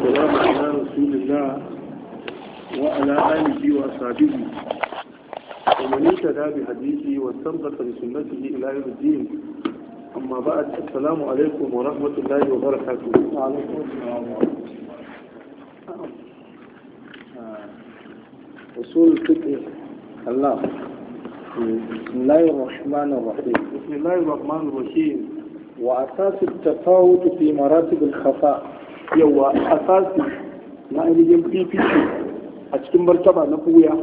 والسلام على رسول الله وعلى آله وأصحابه ومن اهتدى بحديثه واستنبط بسنته إلى يوم الدين أما بعد السلام عليكم ورحمة الله وبركاته وعليكم السلام ورحمة الله أصول الفقه الله بسم الله الرحمن الرحيم بسم الله الرحمن الرحيم وأساس التفاوت في مراتب الخفاء yawa asasi na ainihin fifici a cikin martaba na fuya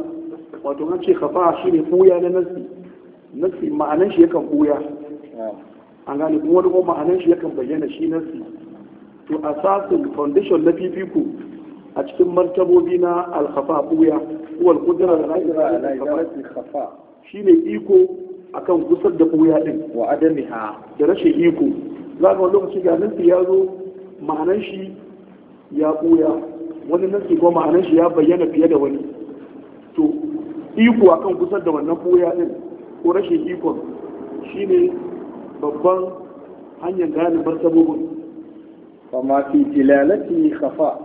wato an ce kafa shi ne fuya na nasi nasi ma'anan shi yakan fuya an gane kuma wani ma'anan shi yakan bayyana shi nasi to asasin foundation na fifiko a cikin martabobi na alkafa fuya ko alkudura da ra'ayi shi ne iko a kan kusar da fuya din wa adamiha da rashin iko za ga wani lokaci ga nasi ya zo ma'anan shi ya ɓoya wani nasi ko ma'anan shi ya bayyana fiye da wani to iko akan kusa da wannan ɓoya ɗin ko rashin ikon shine babban hanyar gane sabobin fama fi dilalati khafa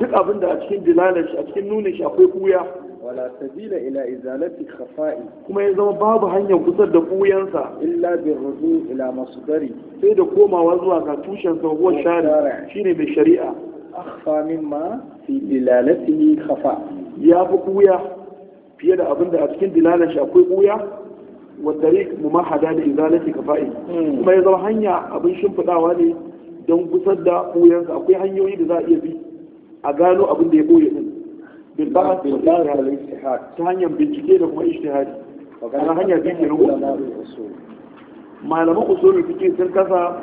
duk abinda da a cikin dilalar shi a cikin nunin shi akwai ɓoya wala sabila ila izalati khafa'i kuma ya zama babu hanyar kusa da buyansa illa bi rudu ila masdari sai da komawa zuwa ga tushen sa huwa shari shine mai shari'a akhfa mimma fi dilalatihi khafa ya fi buya fiye da abinda a cikin dilalan shi akwai buya wa da izalati hmm. kuma ya zama hanya abin shimfidawa ne don gusar da buyansa akwai hanyoyi da za a iya bi a gano abin da ya koye. بالبحث والبحث والاجتهاد تهنيا بنتيجه ده كما اجتهادي وكان هنيا بيجي له malaman usulul fiqh sun kasa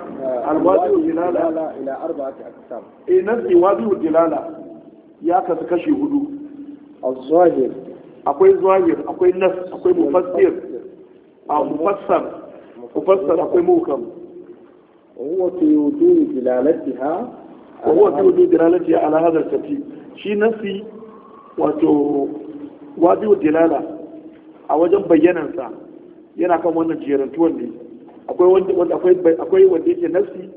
wa dilala ila arba'ati aqsam eh nafsi wa dilala ya kasu kashi hudu az-zahir akwai zahir akwai nas akwai mufassir a mufassar mufassar akwai mukam huwa fi wujudi dilalatiha huwa fi wujudi dilalatiha ala hadha al-tartib shi nasi wato wajibu dilala a wajen bayyanansa yana kan wannan jerantuwan ne akwai wanda yake nafsi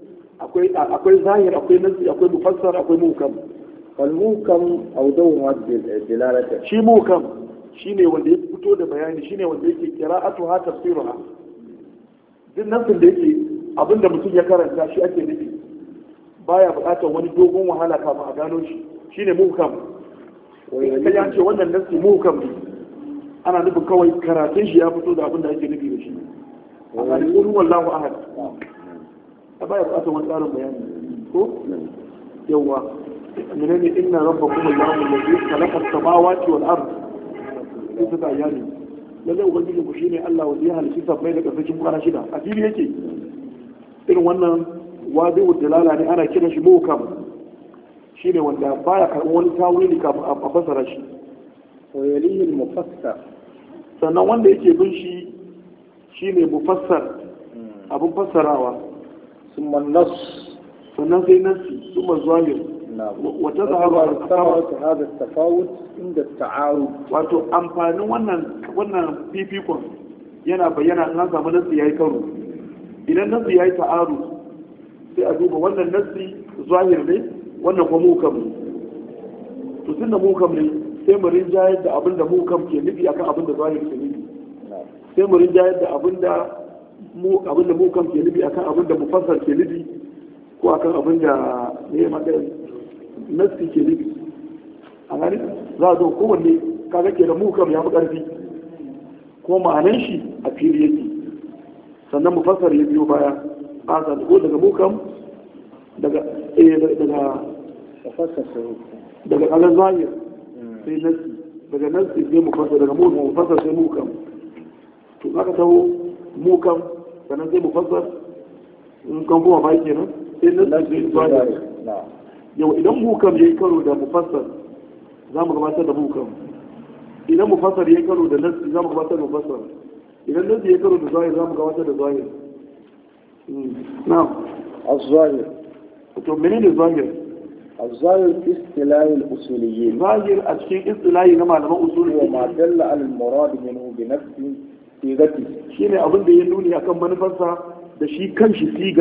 akwai zahir akwai nafsi akwai mufassar akwai mukam wal muhkam awdawu ma dilalata shi mukam shine wanda ya fito da bayani shine wanda yake qira'atu ha tafsiruha duk nafsin da yake abinda mutum ya karanta shi ake nufi baya buƙatar wani dogon wahala kafin a gano shi shine mukam kaji an ce wannan nasi muhukam ne ana nufin kawai karatun shi ya fito da abin da ake nufi da shi a tsarin kurin wallahu ahad a baya ba bukatar wani tsarin bayani ko yawwa menene inna rabbakum allahu allazi khalaqa as-samawati wal ard fi sittati ayyamin lalle ubangiji ku shine Allah wanda ya halitta sabai da kasashen kwana shida a fili yake irin wannan wadi dalala ne ana kiran shi muhukam shi ne wanda baya karɓar wani tawili kafin a fassara shi wayalihin mufassar sannan wanda yake bin shi shi ne mufassar hmm. abin fassarawa sun nas sannan sai nasi sun zalim wata zahaba ta hada tafawut inda ta'aru wato amfanin wannan wannan fifikon yana bayyana an samu nasi yi karo idan nasi yi ta'aru sai a duba wannan nasi zahir ne wannan kuma mukam ne to tunda mukam ne sai mu rinjayar da abin da mukam ke nufi akan abin da zahiri ke nufi sai mu rinjayar da abin da mu abin da mukam ke nufi akan abin da mufassar ke nufi ko akan abin da ne ma da ke nufi a gani za a zo kowanne kaga ke da mukam ya fi karfi ko ma'anan shi a fili yake sannan mufassar ya biyo baya a ko daga mukam daga eh, daga kalan hmm. sai nasi daga nasi sai mu daga mu fasa sai mu kam to zaka taho mu kam sannan sai mu fasa yau idan mu ya yi karo da mu za mu gabatar da mu idan mu ya yi karo da nasi za mu gabatar da mu idan nasi yi karo da zahir za mu gabatar da zahir Na. az-zahir to menene zahir الظاهر في اصطلاح الأصوليين ظاهر أشياء اصطلاح نما نما أصول وما دل على المراد منه بنفس في شيني أظن منفسا ده شي كان شي شي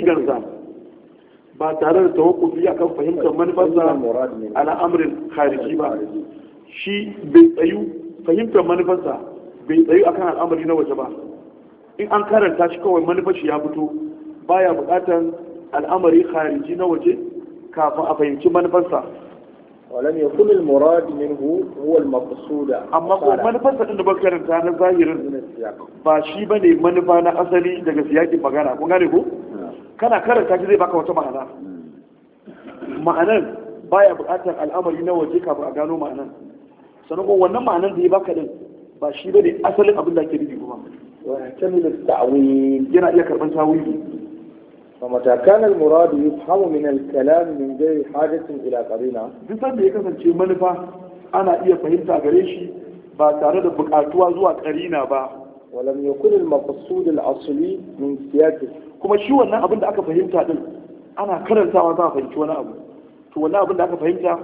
كان ba tare da tawakkufi akan fahimtar manufarsa ala amrin khariji ba shi bai tsayu fahimtar manufarsa bai tsayu akan al'amari na waje ba in an karanta shi kawai manufar shi ya fito baya bukatan al'amari khariji na waje kafin a fahimci manufarsa ولم يكن المراد منه هو المقصود amma ko manufar din da baka karanta na zahirin ba shi bane manufa na asali daga siyakin magana kun gane ko kana karanta shi baka wata ma'ana ma'anan baya buƙatar al'amari na waje kafin a gano ma'anan sannan ko wannan ma'anan da ya baka din ba shi bane asalin abin da ake nufi kuma wa tamil ta'wil yana iya karban tawili فمتى كان المراد يفهم من الكلام من غير حاجة إلى قرينة duk sanda ya kasance manufa ana iya fahimta gare shi ba tare da bukatuwa zuwa karina ba walam yakun al-maqsud al-asli min siyaqi kuma shi wannan abin da aka fahimta din ana karantawa za a fahimci wani abu to da aka fahimta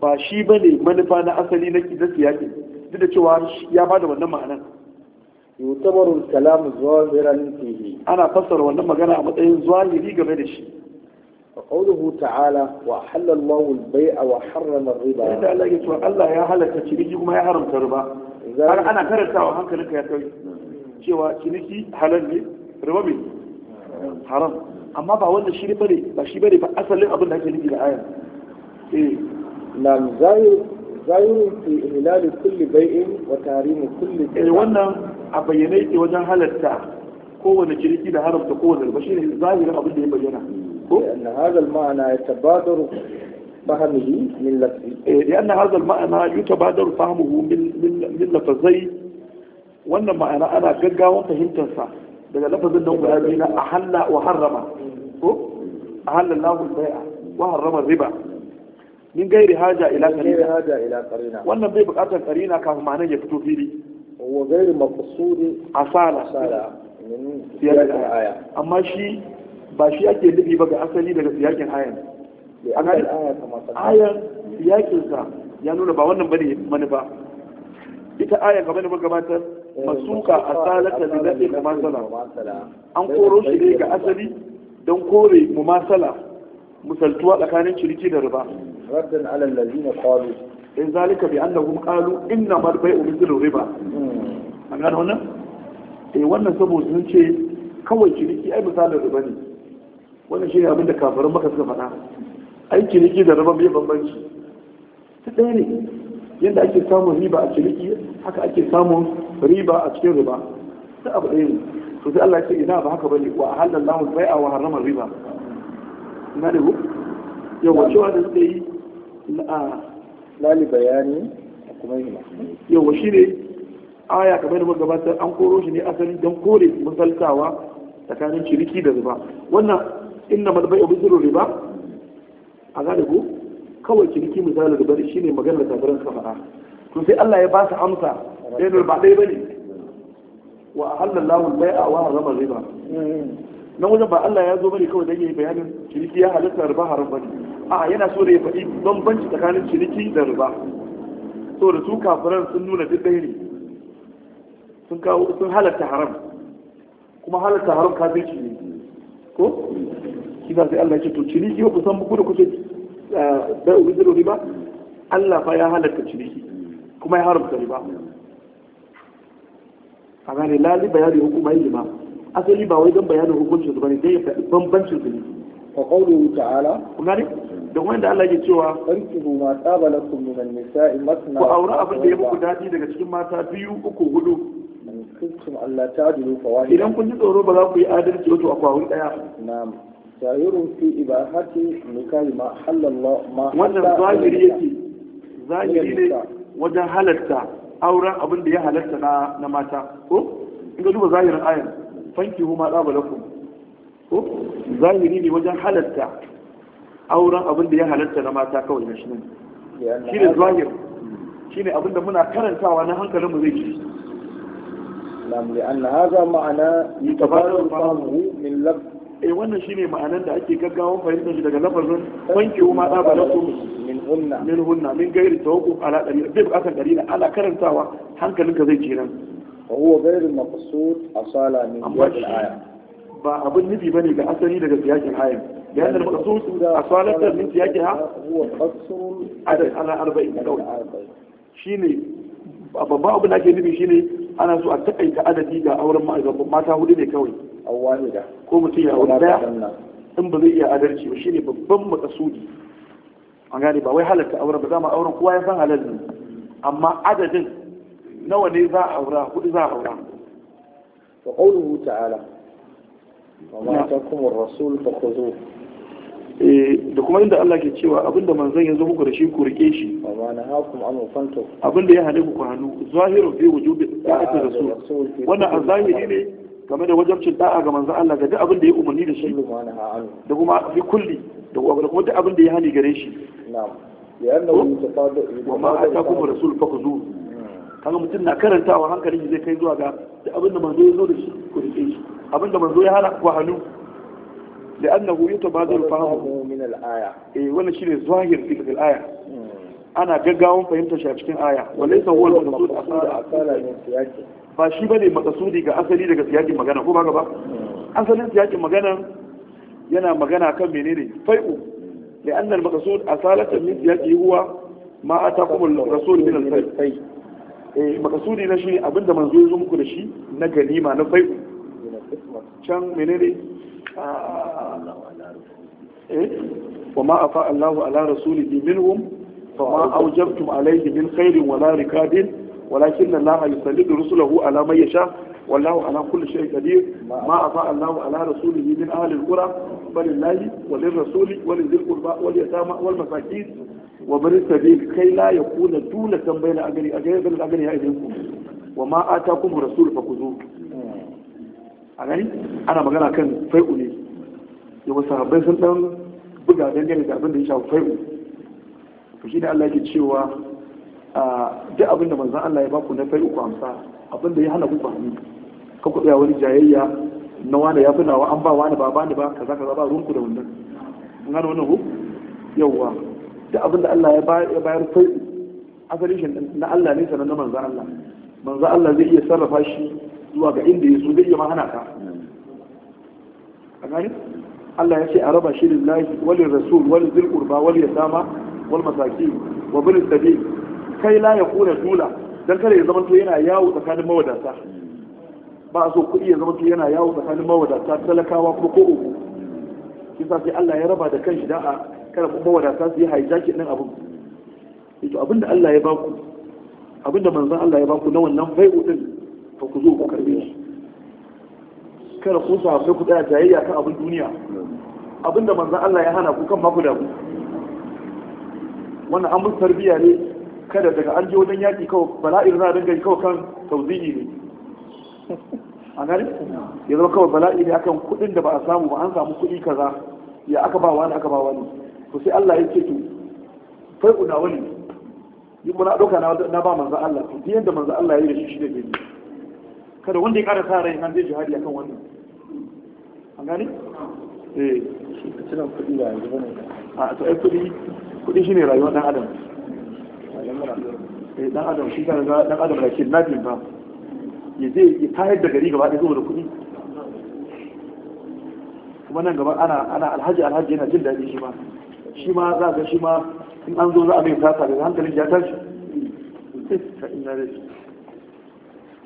ba shi bane manufa na asali na kidan siyaqi duk da cewa ya bada wannan ma'anar yutabaru kalamu zahiran fihi ana fassara wannan magana a matsayin zahiri game da shi فقوله تعالى وأحل الله البيع وحرم الربا هذا الله يسوى الله يا هلا تشريكي وما يحرم تربا أنا أنا كرتا وهنك لك يا توي شوى شريكي حلال لي ربا حرام أما با وانا شيري بري با شي بري با أصل لي أبن هكي لك الآية إيه نعم زاير زاير في إهلال كل بيع وتحريم كل بيع إيه وانا a bayyana yake wajen halatta kowane ciniki da haramta kowane riba shine zahirin abin da ya bayyana ko anna hadha al-ma'na yatabadaru fahmihi min lafzi eh li anna hadha al-ma'na yatabadaru fahmuhu min min lafzai wannan ma'ana ana gaggawa fahimtar sa daga lafazin nan guda biyu na ahalla wa harrama ko ahalla Allahu al-bai'a wa harrama riba min gairi haja ila qarina wannan bai bukatar qarina kafin ma'anar ya fito fili wa gairi maqsudi asala siyakin aya amma shi ba shi ake nufi ba ga asali daga siyakin ayan ayan siyakinsa ya nuna ba wannan bane mani ba ita ayan gaba ne ba gabatar eh, masuka asalata da nafi mumasala an koro shi ne ga asali don kore mumasala musaltuwa tsakanin ciniki da riba raddan alal ladina qalu in zalika bi annahum qalu inna mal bai'u mithl riba an gano wannan eh wannan saboda sun ce kawai ciniki ai misalin riba ne wannan shi ne abin da kafirin maka suka faɗa ai ciniki da riba bai bambanci ta ɗaya ne yadda ake samun riba a ciniki haka ake samun riba a cikin riba ta abu ɗaya ne to sai Allah ya ce ina ba haka bane wa halallahu bai'a wa harrama riba na ne ku yawa cewa da suka yi a lali bayani kuma yi yawa shi ne aya kamar da gabatar an koro shi ne asali don kore misaltawa tsakanin ciniki da zuba, wannan inna malbai abin zirin riba a gane kawai ciniki misalin riba shi ne maganar tabirin safara to sai Allah ya ba su amsa sai ba ɗaya ne. wa bai a wahar harama riba hmm. nan wajen ba Allah ya zo ne kawai dan yi bayanin ciniki ya halatta riba haram ne. a yana so da ya faɗi bambanci tsakanin ciniki da riba so da su kafiran sun nuna duk ɗaya ne sun kawo sun halatta haram kuma halatta haram zai ne ko shi sai Allah ya ce to ciniki ba ku san ku da kuke eh, da ubizir riba Allah fa ya halatta ciniki kuma ya haramta riba a gane lalibayar bayani hukuma yi ma asali ba wai don bayanin hukuncin su ne dai bambancin su ne fa qawluhu ta'ala da wanda Allah ke cewa farkihu ma tsaba lakum min an-nisa'i masna ku aure abin da ya muku dadi daga cikin mata biyu uku hudu idan kun ji tsoro ba za ku yi adalci wato a kwawun daya na'am zahirun wannan zahiri yake zahiri ne wajen halatta auren abin da ya halarta na mata ko in ga duba zahirin ayan fankihu ma tsaba lakum ko zahiri ne wajen halatta auren abin da ya halatta na mata kawai na shi shi ne zahir shi ne abin da muna karantawa na hankalin mu zai ci nam li anna hadha ma'ana yutabaru fahmuhu min lab eh wannan shine ma'anar da ake gaggawa fahimtar shi daga lafazin wanke ma da balakum min hunna min hunna min gairi tawaqquf ala dalil bi akan dalil ala karantawa hankalinka zai ci nan wa huwa ghairu maqsud asala min hadhihi al-aya ba abin nufi bane ga asali daga siyakin ayin لأن المقصود أصالة من سياقها هو قصر عدد على أربعين دولة شيني babban abin da ake nufi shine ana so a takaita adadi ga auren mata hudu ne kawai ko mutum ya aure daya in ba zai iya adalci ba shine babban makasudi an gane ba wai halatta auren ba zama auren kowa ya san halal amma adadin nawa ne za a aura hudu za a aura wa qawluhu Eh, da kuma inda Allah ke cewa abinda manzon yanzu muku da shi ku rike shi abinda ya hane ku ku hannu zahiru fi wujubi da'ati rasul wannan a zahiri ne game da wajabcin da'a ga manzon Allah ga duk abinda ya umarni da shi da kuma fi kulli da kuma duk abinda ya hani gare shi wa ma atakum rasul zo hmm. kaga mutum na karantawa hankalin zai kai zuwa ga duk abinda da manzo ya zo da shi ku rike shi abin da manzo ya hana kuwa hannu da an nahu yi tabbatar fahimta e wani shi ne zuwa aya ana gaggawon fahimta shi a cikin aya wale ta wani masu da asali ba shi ba ne makasudi ga asali daga siyakin magana ko ba ga ba hmm. asalin siyakin magana yana magana kan menene fai'u da an nan makasud asalatan min siyakin huwa ma a takumar rasul min al-fai eh, makasudi na shi abinda manzo ya zo muku da shi na ganima na fai'u can menene ah, eh? wa ma afa Allahu ala rasuli bi minhum fa ma awjabtum alayhi min kairin khairin wala rikabin walakin Allah yusallidu rusulahu ala man yasha wallahu ala kulli shay'in qadir ma afa Allahu ala rasuli rasulihi min ahli alqura falillahi walin rasuli. Walin lidhil qurba wal yatama wal masakin wa bari sabil kai la yakuna dulatan bayna agari agari a agari ya idinku wa ma atakum rasul fakuzu a gani ana magana kan fai'u ne yawa sahabbai sun dan buga dangane da abin da ya shafi fai'u to shi ne Allah yake cewa duk abin da manzon Allah ya baku na fai'u ku amsa abin da ya hana ku kwani ka ku tsaya wani jayayya na wani ya fi nawa an ba wani ba bani ba kaza kaza ba ruwanku da wannan an gano wannan ku yawa duk abin da Allah ya bayar fai'u asalin shi na Allah ne sanan na manzon Allah manzon Allah zai iya sarrafa shi zuwa ga inda ya so zai iya hana ka a gani Allah ya ce a raba shi lillahi wani rasul wani zil wani wal yatama wani masaki wa bin sabil kai la ya kuna dula dan kada ya zamanto yana yawo tsakanin mawadata ba a so kuɗi ya zamanto yana yawo tsakanin mawadata talakawa ko ko uku kisa sai Allah ya raba da kan da a kada mawadata su yi hijack din abun to abinda Allah ya baku abinda manzon Allah ya baku na wannan bai'u din to ku zo ku karbe shi kada ku su hafi ku daya jayayya kan abin duniya abinda manzan Allah ya hana ku kan maku da ku wannan an musu ne kada daga an je wajen yaƙi kawai bala'in za a dinga kawai kan tauzi'i ne a gani ya zama kawai bala'i ne akan kuɗin da ba a samu ba an samu kuɗi kaza ya aka ba wani aka ba wani to sai Allah ya ce to fai'u na wani yi muna ɗauka na ba manzan Allah to yadda manzan Allah ya yi da shi shi da gani kada wanda ya kara sa rai nan zai jihadi akan wannan an gane eh yanzu a to ai kudi kudi shine rayuwar dan adam eh dan adam shi kan ga dan adam da ke nafin ba ya zai, ya tayar da gari gaba ɗaya saboda kuɗi kuma nan gaba ana ana alhaji alhaji yana jin daɗi shi ma shi ma za ga shi ma in an zo za a mai tasa da hankalin ya tashi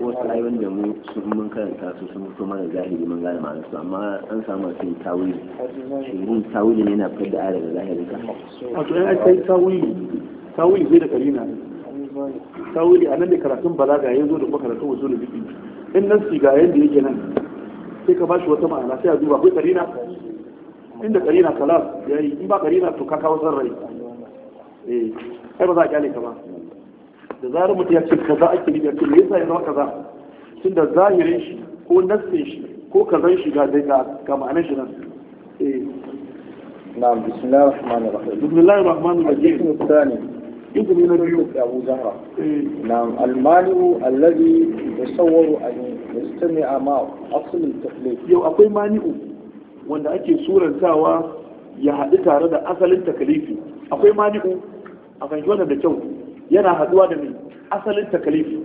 wasu ayoyin da mu sun mun karanta su sun fito mana zahiri mun gane ma'anar su amma an samu a cikin tawili shirin tawili ne na fitar da ayar da zahiri ka wato yan aikai tawili tawili zai da karina tawili a nan da karatun balaga ya zo da kuma karatun wasu da biki in nan su ga yadda yake nan sai ka bashi wata ma'ana sai a duba akwai karina inda karina kalas ya yi in ba karina to ka kawo san rai eh kai ba za a kyale ka ba da zarar mutum ya ce kaza ake nufi a ce me yasa ya zama kaza tun da zahirin shi ko nassin shi ko kazan shi ga ga ma'anar shi nan eh na bismillahir rahmanir rahim bismillahir rahmanir rahim tsani ibn nabiyu abu zahra eh. na almani alladhi yusawwaru an yastami'a ma asl al-taklif yau akwai mani'u wanda ake surantawa ya haɗu tare da asalin takalifi akwai mani'u a kan shi wannan da kyau yana haduwa da mai asalin takalifi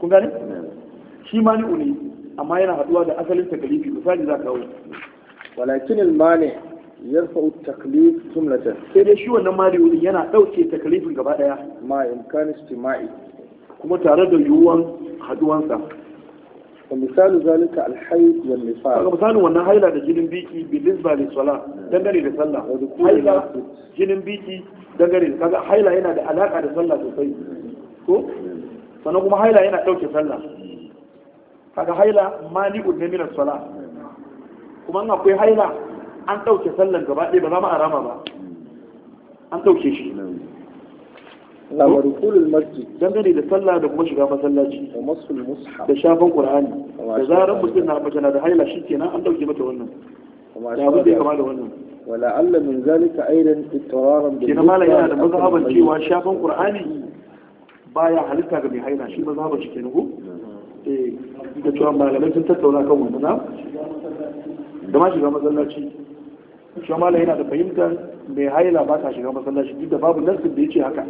kun gane shi mani'u ne amma yana haduwa da asalin takalifi misali za ka kawo walakin al ya yarfa'u taklif jumlatan sai dai shi wannan mani'u ne yana dauke takalifin gaba daya ma imkan istima'i kuma tare da yiwuwan haduwansa ومثال ذلك الحيض والنفاق مثال wannan haila da jinin biki bilisba da sala dangane da sallah haila jinin biki dangare da kaga haila yana da alaka da sallah sosai ko sannan kuma haila yana ɗauke sallah kaga haila mani'un ne minas sala kuma in akwai haila an ɗauke sallan gaba ɗaya ba za mu arama ba an ɗauke shi na marukulul masjid dangane da sallah da kuma shiga masallaci da shafan qur'ani da zarar mutum na mace na da haila kenan an ɗauke mata wannan da abin da kama da wannan wala Allah min zalika aidan ittiraran bi kenan malam yana da mazhaban cewa shafan qur'ani baya halitta ga mai haila shi mazhaban shi kenan ko eh da cewa malamai sun tattauna kan wannan da ma shiga masallaci shi malam yana da fahimtar mai haila ba ta shiga masallaci duk da babu nassin da ya haka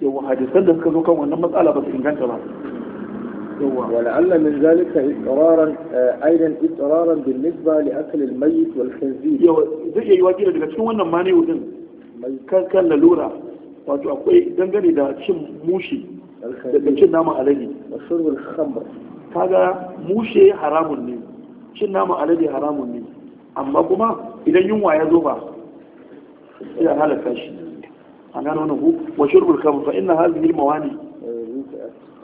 yau hadisan da suka zo kan wannan matsala ba su inganta ba ولعل من ذلك إقرارا أيضا إقرارا بالنسبة لأكل الميت والخنزير يو زي يواجه لك شو أنا ماني ودن كان كان لورا wato akwai dangane da cin mushi da cin naman alade masurbin khamr kaga mushe haramun ne cin naman alade haramun ne amma kuma idan yunwa ya zo ba sai a halaka shi an gano wannan ku wa shurbul khamr fa inna hadhihi al mawani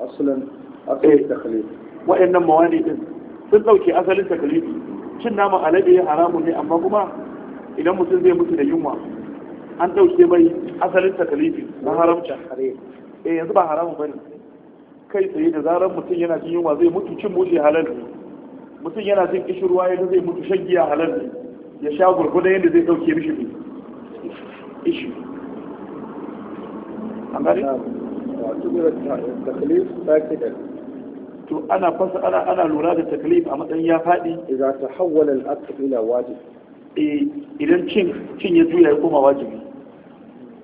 aslan a tsaye takalif wa'annan mawani din sun dauke asalin takalifi cin naman alade ya haramun ne amma kuma idan mutum zai mutu da yunwa an dauke mai asalin takalifi na haramta eh yanzu ba haramun bane kai tsaye da zarar mutum yana jin yunwa zai mutu cin mushi halal ne mutum yana jin kishirwa yadda zai mutu shan giya halal ne ya sha gurgudan yadda zai dauke mishi ne ishi an gani? Wato da takalif sake da to ana fasa ana ana lura da taklif a matsayin ya faɗi ta tahawwala al-aqd ila wajib eh idan cin cin ya juya ya koma wajibi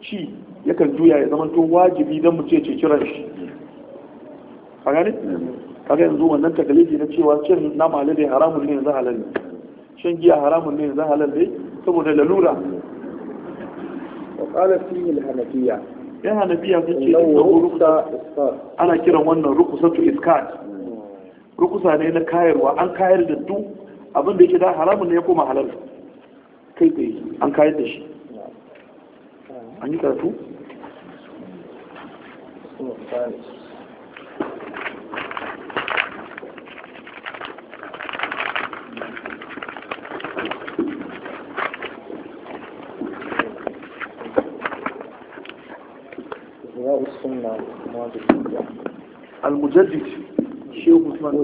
ci yakan juya ya zama to wajibi dan mu ce ce kiran shi ka gane kaga yanzu wannan taklifi na cewa cin nama halal haramun ne yanzu halal ne shan giya haramun ne yanzu halal ne saboda lalura وقال فيه الهنفية يا هنفية تجي ana كيرا وانا rukusatu إسكات rukusa ne na kayarwa an kayar da duk abin da yake da haramun ne ya koma halal kai kai an kayar da shi an yi karatu المجدد بسم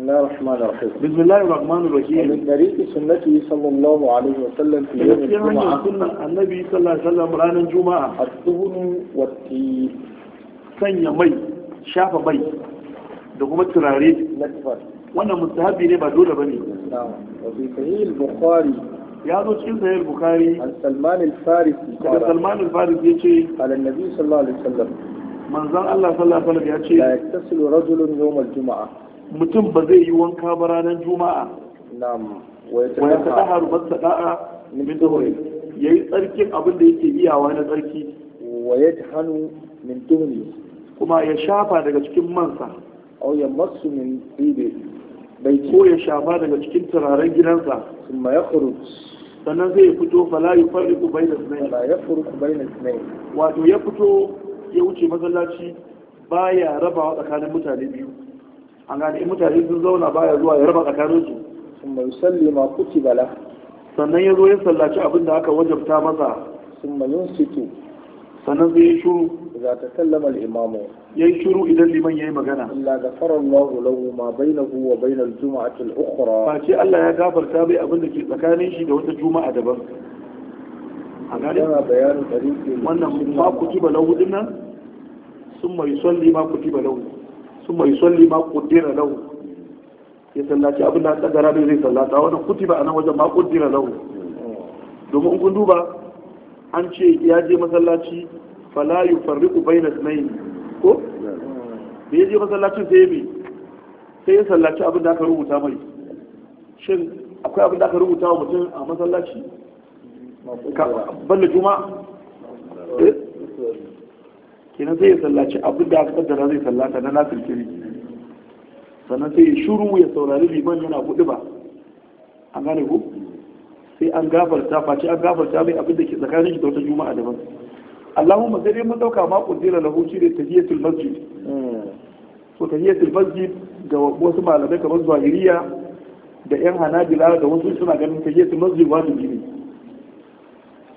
الله الرحمن الرحيم بسم الله الرحمن الرحيم من طريق سنته صلى الله عليه وسلم في يوم الجمعة سنة النبي صلى الله عليه وسلم رانا الجمعة الدهن والتيب سنة مي شاف مي دقوم التراريج نكفر وانا مستهبي لما دولة بني نعم وفي صحيح البخاري ya zo cikin sahih bukhari an salman al-farisi daga salman al-farisi yace ala nabi sallallahu alaihi wasallam manzon Allah sallallahu alaihi wasallam yace la yaktasilu rajulun yawm al mutum ba zai yi wanka ba ranar juma'a na'am wa yatadaharu masada'a min duhri yayi tsarkin abin da yake iyawa na tsarki wa yadhanu min duhri kuma ya shafa daga cikin mansa aw yamassu min ibi bai ko ya shafa daga cikin turaren gidansa kuma ya khuruj sannan zai fito fala yi farri ku bai da sinai. wato ya fito ya wuce masallaci baya rabawa tsakanin mutane biyu an gane mutane sun zauna baya zuwa ya raba tsakanin su sun mai salli ma kuti bala sannan ya zo ya sallaci abin da aka wajabta masa sun mai yin sannan zai yi shuru za ta sallama al'imamu yayi shiru idan liman yayi magana Allah ghafara Allahu lahu ma bainahu wa bain jumati al-ukhra fa ce Allah ya gafarta bai abin da ke tsakanin shi da wata juma'a daban a gani wannan ma kutiba lahu dinnan sun mai salli ma kutiba lahu sun mai salli ma kudira lahu ya sallaci abin da kadara bai zai sallata wannan kutiba anan wajen ma kudira lahu domin kun duba an ce ya je masallaci fala yufarriqu bainas nayn ko da ya je masallacin sai ya sai ya sallaci abin da aka rubuta mai shin akwai abin da aka rubuta wa mutum a masallaci balle juma eh? kenan sai ya sallaci abin da aka kaddara zai sallata na nasir kiri sannan sai ya shuru ya saurari liman yana kuɗi ba an gane ku sai an gafarta face an gafarta mai abin da ke tsakanin shi da wata juma'a daban اللهم sai dai mun dauka ma kudira lahu shi da tahiyatul masjid so tahiyatul masjid ga wasu malamai kamar zahiriya da yan hanabila da wasu suna ganin tahiyatul masjid wajibi gini.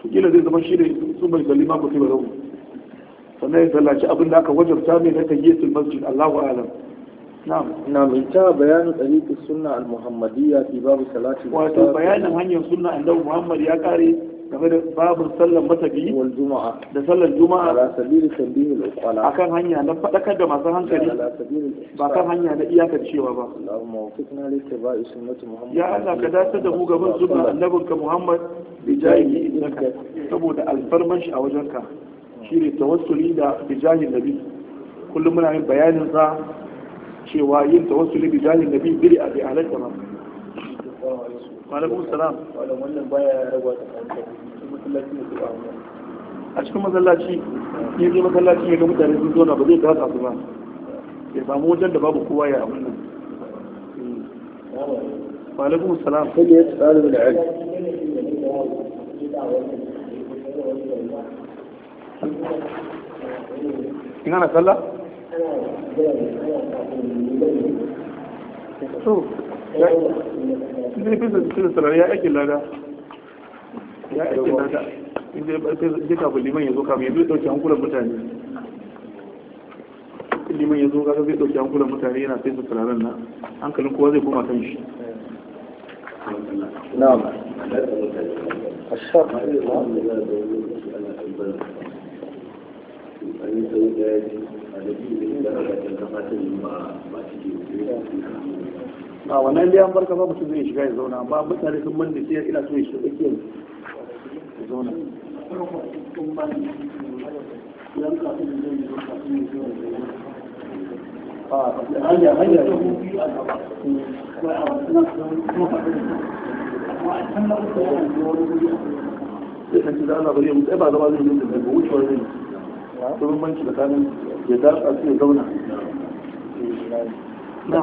to zai zama shi ne su bai zalli ma kudira lahu sannan ya sallaci abin da aka wajabta mai na tahiyatul masjid Allahu a'lam نعم نعم انتهى بيان طريق السنة المحمدية في باب صلاة الجنازة. وبيان هني السنة عند محمد يا كاري game da babin sallan matabi wal juma'a da sallan juma'a ala sabili al akan hanya na fadakar da masu hankali ba kan hanya na iyaka cewa ba Allahumma wafiqna li taba'i sunnati Muhammad ya Allah ka dace da mu gaban annabin ka Muhammad bi jahi innaka saboda alfarman shi a shi ne tawassuli da bi jahi nabi kullum muna yin bayanin sa cewa yin tawassuli bi jahi nabi bid'a bi alaka ba malamun salam a cikin masallaci ne zai masallaci ne ga mutane sun zo na ba zai gasa su ba ya samu wajen da babu kowa ya a nan malamun salam sai ya tsari da ina na sallah? ne fi sun sarari ya aikin lada ya aikin lada inda ya liman ya zo ya zai ɗauki hankulan mutane liman ya zo zai ɗauki hankulan mutane yana na hankalin kowa zai koma kan shi na'am ashar a a wannan liyan barka ba mutum zai shiga ya zauna amma mutane sun manda sai ina so ya shiga ya zauna ana ya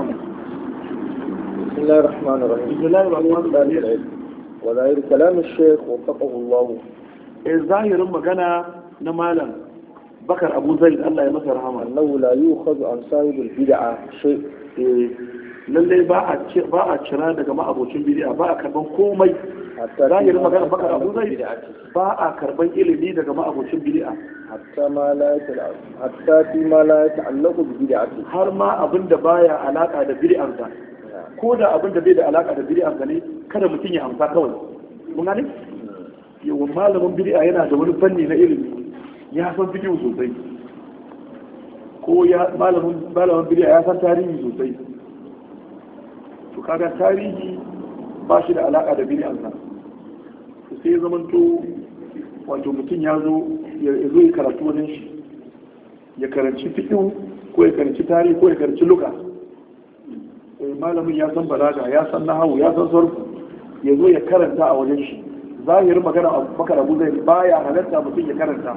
zauna بسم الله الرحمن الرحيم بسم الله الرحمن الرحيم وظاهر كلام الشيخ وفقه الله ظاهر مغنى نمالا بكر أبو زيد الله يمسى رحمه أنه لا يؤخذ عن صاحب البدعة شيء lallai ba a cira daga ma'abocin bid'a ba a karban komai zahirin magana bakar abu zai ba a karban ilimi daga ma'abocin bid'a hatta ma la ta'allaqu bi bid'ati har ma abinda baya alaka da bid'ar ko da abin da bai da alaka da bid'a gane kada mutum ya amsa kawai mun gane yawa malamin bid'a yana da wani fanni na ilimi ya san fiqh sosai ko ya malamin malamin bid'a ya san tarihi sosai to kaga tarihi ba shi da alaka da bid'a to sai zamanto wato mutum ya zo ya zo ya karatu wani shi ya karanci fiqh ko ya karanci tarihi ko ya karanci luka Eh, malamin ya san balaga ya san nahawu ya san sarku ya zo ya karanta a wajen shi zahirin magana a bakar abu zai baya halatta mutum ya karanta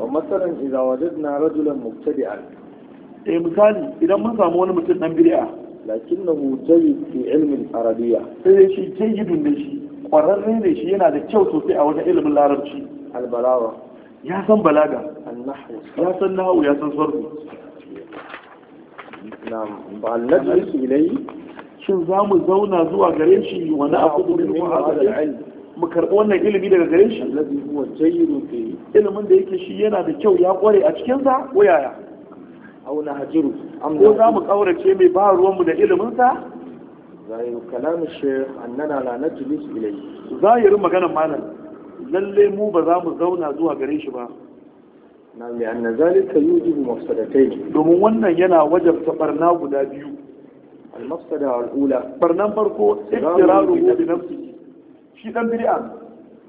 wa masalan idan wajadna rajulan mubtadi'an eh misali idan mun samu wani mutum dan bid'a lakinnahu jayyid fi ilmin arabiyya sai shi jayyidun ne shi kwararre ne shi yana da kyau sosai a wajen ilimin larabci albalawa ya san balaga ya san nahawu ya san sarku ba najlis ilayhi shin za mu zauna zuwa gare shi wani abu da mu hada mu karɓi wannan ilimi daga gare shi ilimin da yake shi yana da kyau ya kware a cikin sa ko yaya aw na hajiru ko za mu ƙaurace mai ba ruwanmu da ilimin sa zahiru kalamu shaykh annana la najlis yi zahirin maganar malam lalle mu ba za mu zauna zuwa gare shi ba na li'anna zalika yujibu mafsadatayn domin wannan yana wajabta barna guda biyu al-mafsada al-ula barnan farko iktiraru bi nafsihi shi dan bid'a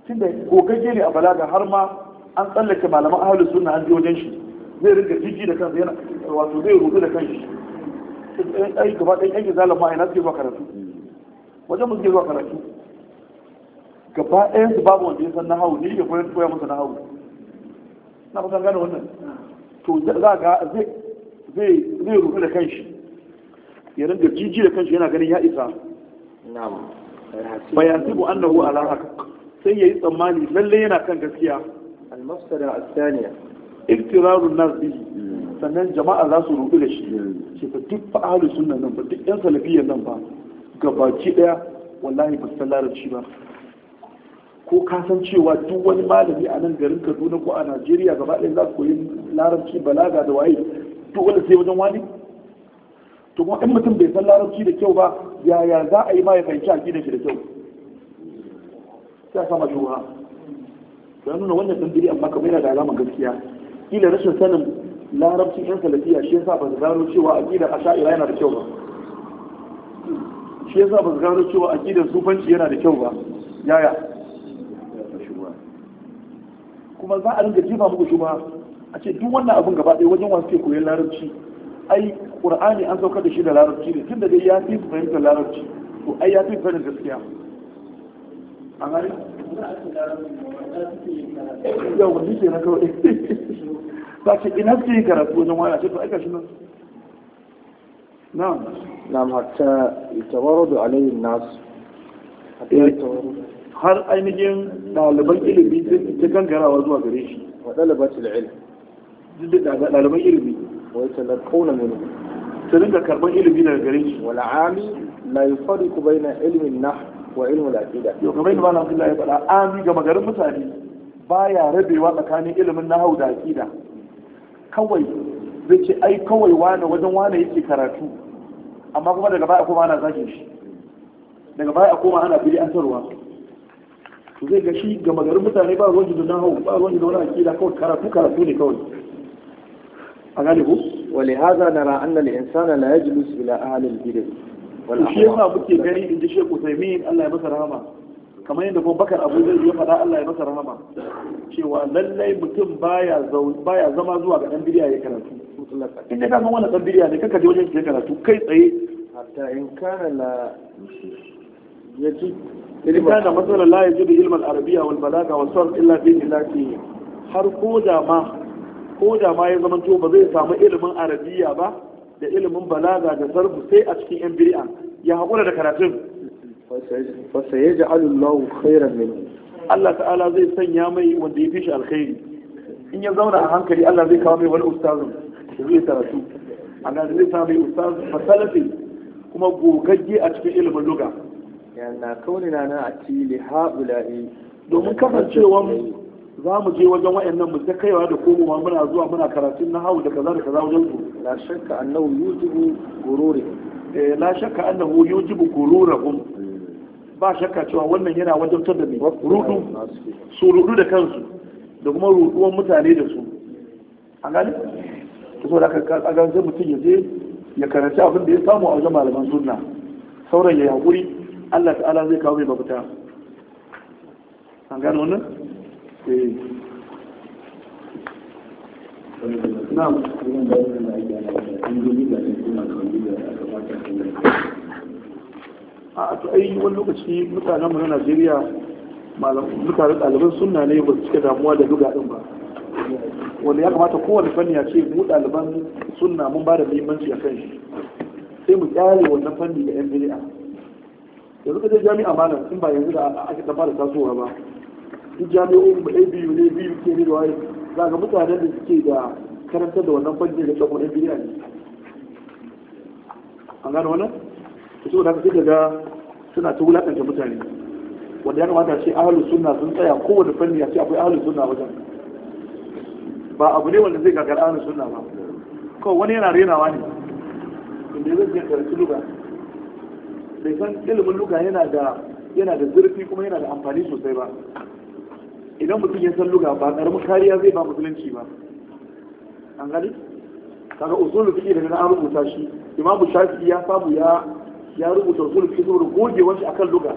tunda gogagge ne a balaga har ma an tsallake malaman ahlus sunna an je wajen shi zai rinka jiji da kansa yana wato zai rubu da kanshi ai gaba ɗaya yanke zalama ina suke zuwa karatu wajen mu suke zuwa karatu gaba ɗayan su babu wanda ya san na hau ni da koyar koya masa na hau na ba gane wannan to za ga zai zai rufe da kanshi ya rinka jiji da kanshi yana ganin ya isa na'am bayasibu annahu ala haqq sai yayi tsammani lalle yana kan gaskiya al-mafsada al-thaniya iktirarun nas bihi hmm. sannan jama'a za su rufe da shi hmm. shi fa duk fa ahli sunna nan ba duk yan salafiyyar nan ba gabaki daya wallahi ba su san larabci ba ko ka san cewa duk wani malami a nan garin kaduna ko a najeriya gaba ɗaya za su koyi larabci balaga da waye wanda sai wajen wani to kuma in mutum bai san larabci da kyau ba yaya za a yi ma ya fahimci aƙidar shi da kyau sai a sama shuha ta nuna wannan tambiri amma kamar yana da alamar gaskiya kila rashin sanin larabci yan salafiya shi yasa ba su gano cewa aƙidar asha'ira yana da kyau ba shi yasa ba su gano cewa aƙidar sufanci yana da kyau ba yaya kuma za a rinka jefa muku shubha a ce duk wannan abin gaba ɗaya wajen wasu ke koyon larabci ai qur'ani an saukar da shi da larabci ne tunda dai ya fi fahimtar larabci to ai ya fi fahimtar gaskiya a gani yau wani ke na kawai ta ce ina ce yi karatu wajen waya ce to aika shi nan na'am na'am hatta yatawarradu alayhi nas hatta eh. yatawarradu har ainihin ɗaliban ilimi ta gangarawa zuwa gare shi wa ɗalibatul ilmi ɗaliban ilimi wa yatalaqawna minhu su dinga karɓar ilimi daga gare shi wal ami la yufariqu bayna ilimin na wa ilmin aqida yau kamar yadda malam na ya faɗa ami ga magarin mutane Ba ya rabewa tsakanin ilimin na hau da aƙida. kawai zai ce ai kawai wane wajen wane yake karatu amma kuma daga baya kuma ana zage shi daga baya kuma ana bili an tarwa zai ga shi ga magarin mutane ba ruwan da nahu ba ruwan da wani akida kawai karatu karatu ne kawai a gane ku wale haza nara na insana la yajlis ila ahli al Wani wal shi yasa muke gani inda sai min Allah ya masa rahama kamar yadda kuma Bakar Abu zai ya faɗa Allah ya masa rahama cewa lallai mutum baya zama zuwa ga ɗan bid'a ya karatu in ka san wannan ɗan bid'a ne kaka je wajen ya karatu kai tsaye hatta in kana la yajid idan kana masala la da ilmal arabiya wal balaga wa sarf illa bi illati har ko da ma ko da ma ya zama to ba zai samu ilimin arabiya ba da ilimin balaga da sarfu sai a cikin yan bid'a ya hakura da karatun fa sayaj'alu Allahu khairan minhu Allah ta'ala zai sanya mai wanda ya fi shi alkhairi in ya zauna a hankali Allah zai kawo mai wani ustazin da zai karatu a zai sa mai ustazin fasalafi kuma gogagge a cikin ilimin lugha na kaunina na a atili haula'i domin kasancewa za mu je wajen wa'annan mu ta kaiwa da komowa muna zuwa muna karatun na hawu da kaza da kaza wajen su la shakka annahu yujibu gururi eh la shakka annahu yujibu gururahum ba shakka cewa wannan yana wajen da mai rudu su rudu da kansu da kuma ruduwan mutane da su a gani to so da ka ga sai mutum ya je ya karanta abin da ya samu a wajen malaman sunna sauran ya yi hakuri Allah ta'ala zai kawo mai mafita an gano wannan? eh na mutum da a to ai wani lokaci mutanenmu na Najeriya mutanen ɗaliban sunna ne ba su cika damuwa da duga ɗin ba wanda ya kamata kowane fanni ya ce mu ɗaliban suna mun ba da muhimmanci a kan shi sai mu ƙyare wannan fanni da yan biliya yanzu kaje jami'a malam in ba yanzu da aka ta fara tasowa ba duk jami'o'in ba biyu ne biyu ke ne da waye za ga mutanen da suke da karantar da wannan fanni da tsakon ɗan biyu ne an gano wannan to saboda haka sai suna ta wulakanta mutane wanda ya kamata ce ahlus sunna sun tsaya kowane fanni a ce akwai ahlus sunna wajen ba abu ne wanda zai gagara ahlus sunna ba kawai wani yana renawa ne inda zai je karanci lugha bai san ilimin luka yana da yana da zurfi kuma yana da amfani sosai ba idan mutum ya san luka ba karamin kariya zai ba musulunci ba an gani kaga usulul fiqh daga an rubuta shi imamu shafi'i ya samu ya ya rubuta usulul fiqh saboda gogewar shi akan luka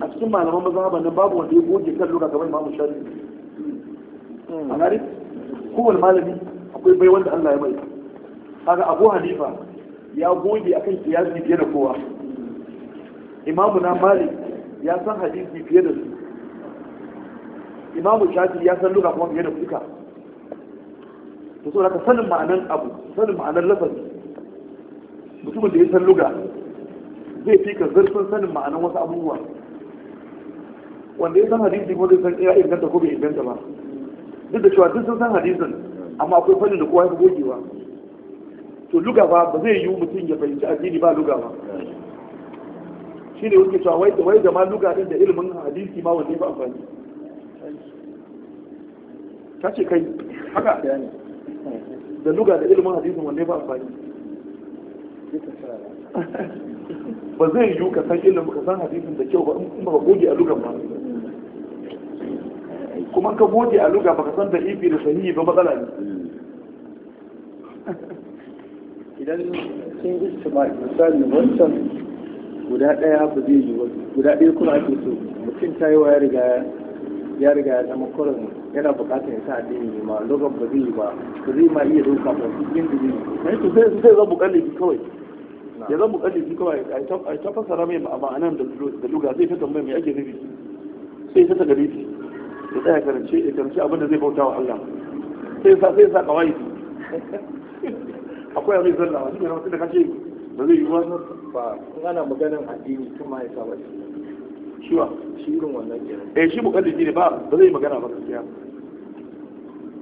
a cikin malaman mazhaban nan babu wanda ya goge kan luka kamar imamu shafi'i an gani kowane malami akwai bai wanda Allah ya mai kaga Abu Hanifa ya goge akan kiyasi fiye da kowa imamu na malik ya san hadisi fiye da su imamu shafi ya san luka kuma fiye da suka to so ka sanin ma'anar abu sanin ma'anar lafazi mutumin da ya san luga zai fi ka zarfin sanin ma'anar wasu abubuwa wanda ya san hadisi kuma zai san ya inganta ko bai inganta ba duk da cewa duk sun san hadisin amma akwai fannin da kowa ya fi gogewa to luga ba ba zai yi mutum ya fahimci addini ba luga ba shi ne wuce cewa wai wai da ma luga din da ilimin hadisi ma wanda ya fi amfani ta ce kai haka da luga da ilimin hadisin wanda ya fi amfani ba zai yi ka san ilimin ka san hadisin da kyau ba in ba goge a lugan ba kuma ka goge a lugan ba ka san da ifi da sahihi ba matsala ne idan sun istima misali wancan guda ɗaya ba zai yi guda ɗaya kuma ake so mutum ta yi wa ya riga ya riga ya zama kurin yana bukatar ya sa addini ne ma lokacin ba zai yi ba ba zai ma iya doka ba su yin dini ne to sai zai zama kallifi kawai ya zama kallifi kawai a ta fasara mai ma'anan da luga zai ta tambaya mai ake nufi sai ta tagari ya tsaya karance ya karance abin da zai bauta wa Allah sai ya sa kawai akwai abin zalla wani mai rahoton daga kace ba zai yi ba ba in ana maganar addini tun ma ya saba shi wa shi irin wannan kenan eh shi mukallidi ne ba ba zai magana ba gaskiya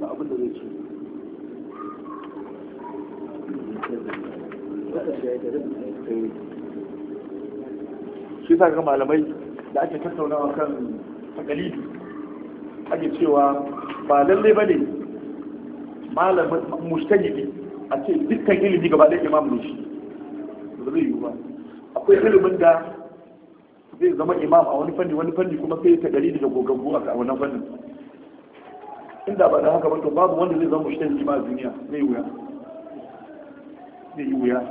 ba abin da zai ci shi sa ga malamai da ake tattaunawa kan takalidi ake cewa ba lallai ba ne malamin mustajidi a ce dukkan ilimi gaba da imam ne shi ba zai yiwu ba akwai ilimin da zai zama imam a wani fanni wani fanni kuma sai ta gari daga gogaggu a wannan fannin inda ba da haka ba to babu wanda zai zama mushtan ma a duniya zai wuya zai yi wuya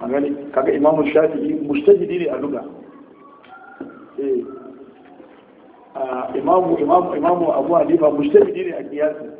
a gani kaga imam shafi'i mustajidi ne a luga eh ah, imamu imamu imamu abu hanifa mustajidi ne a kiyasi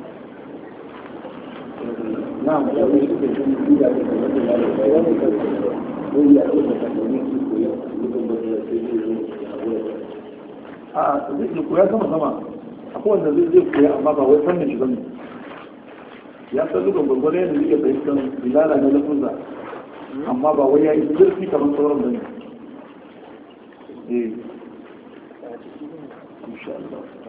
a zai koya sama sama akwai wanda zai zai koya amma ba wai fannin shi bane ya san lukan gwargwado yadda zai iya fahimtar bilala na lafuzza amma ba wai ya yi zurfi kamar sauran bane eh insha Allah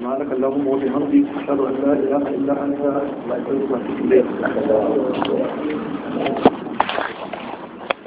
سبحانك اللهم وفي حمدي أشهد أن لا إله إلا أنت لا أستغفرك وأتوب إليك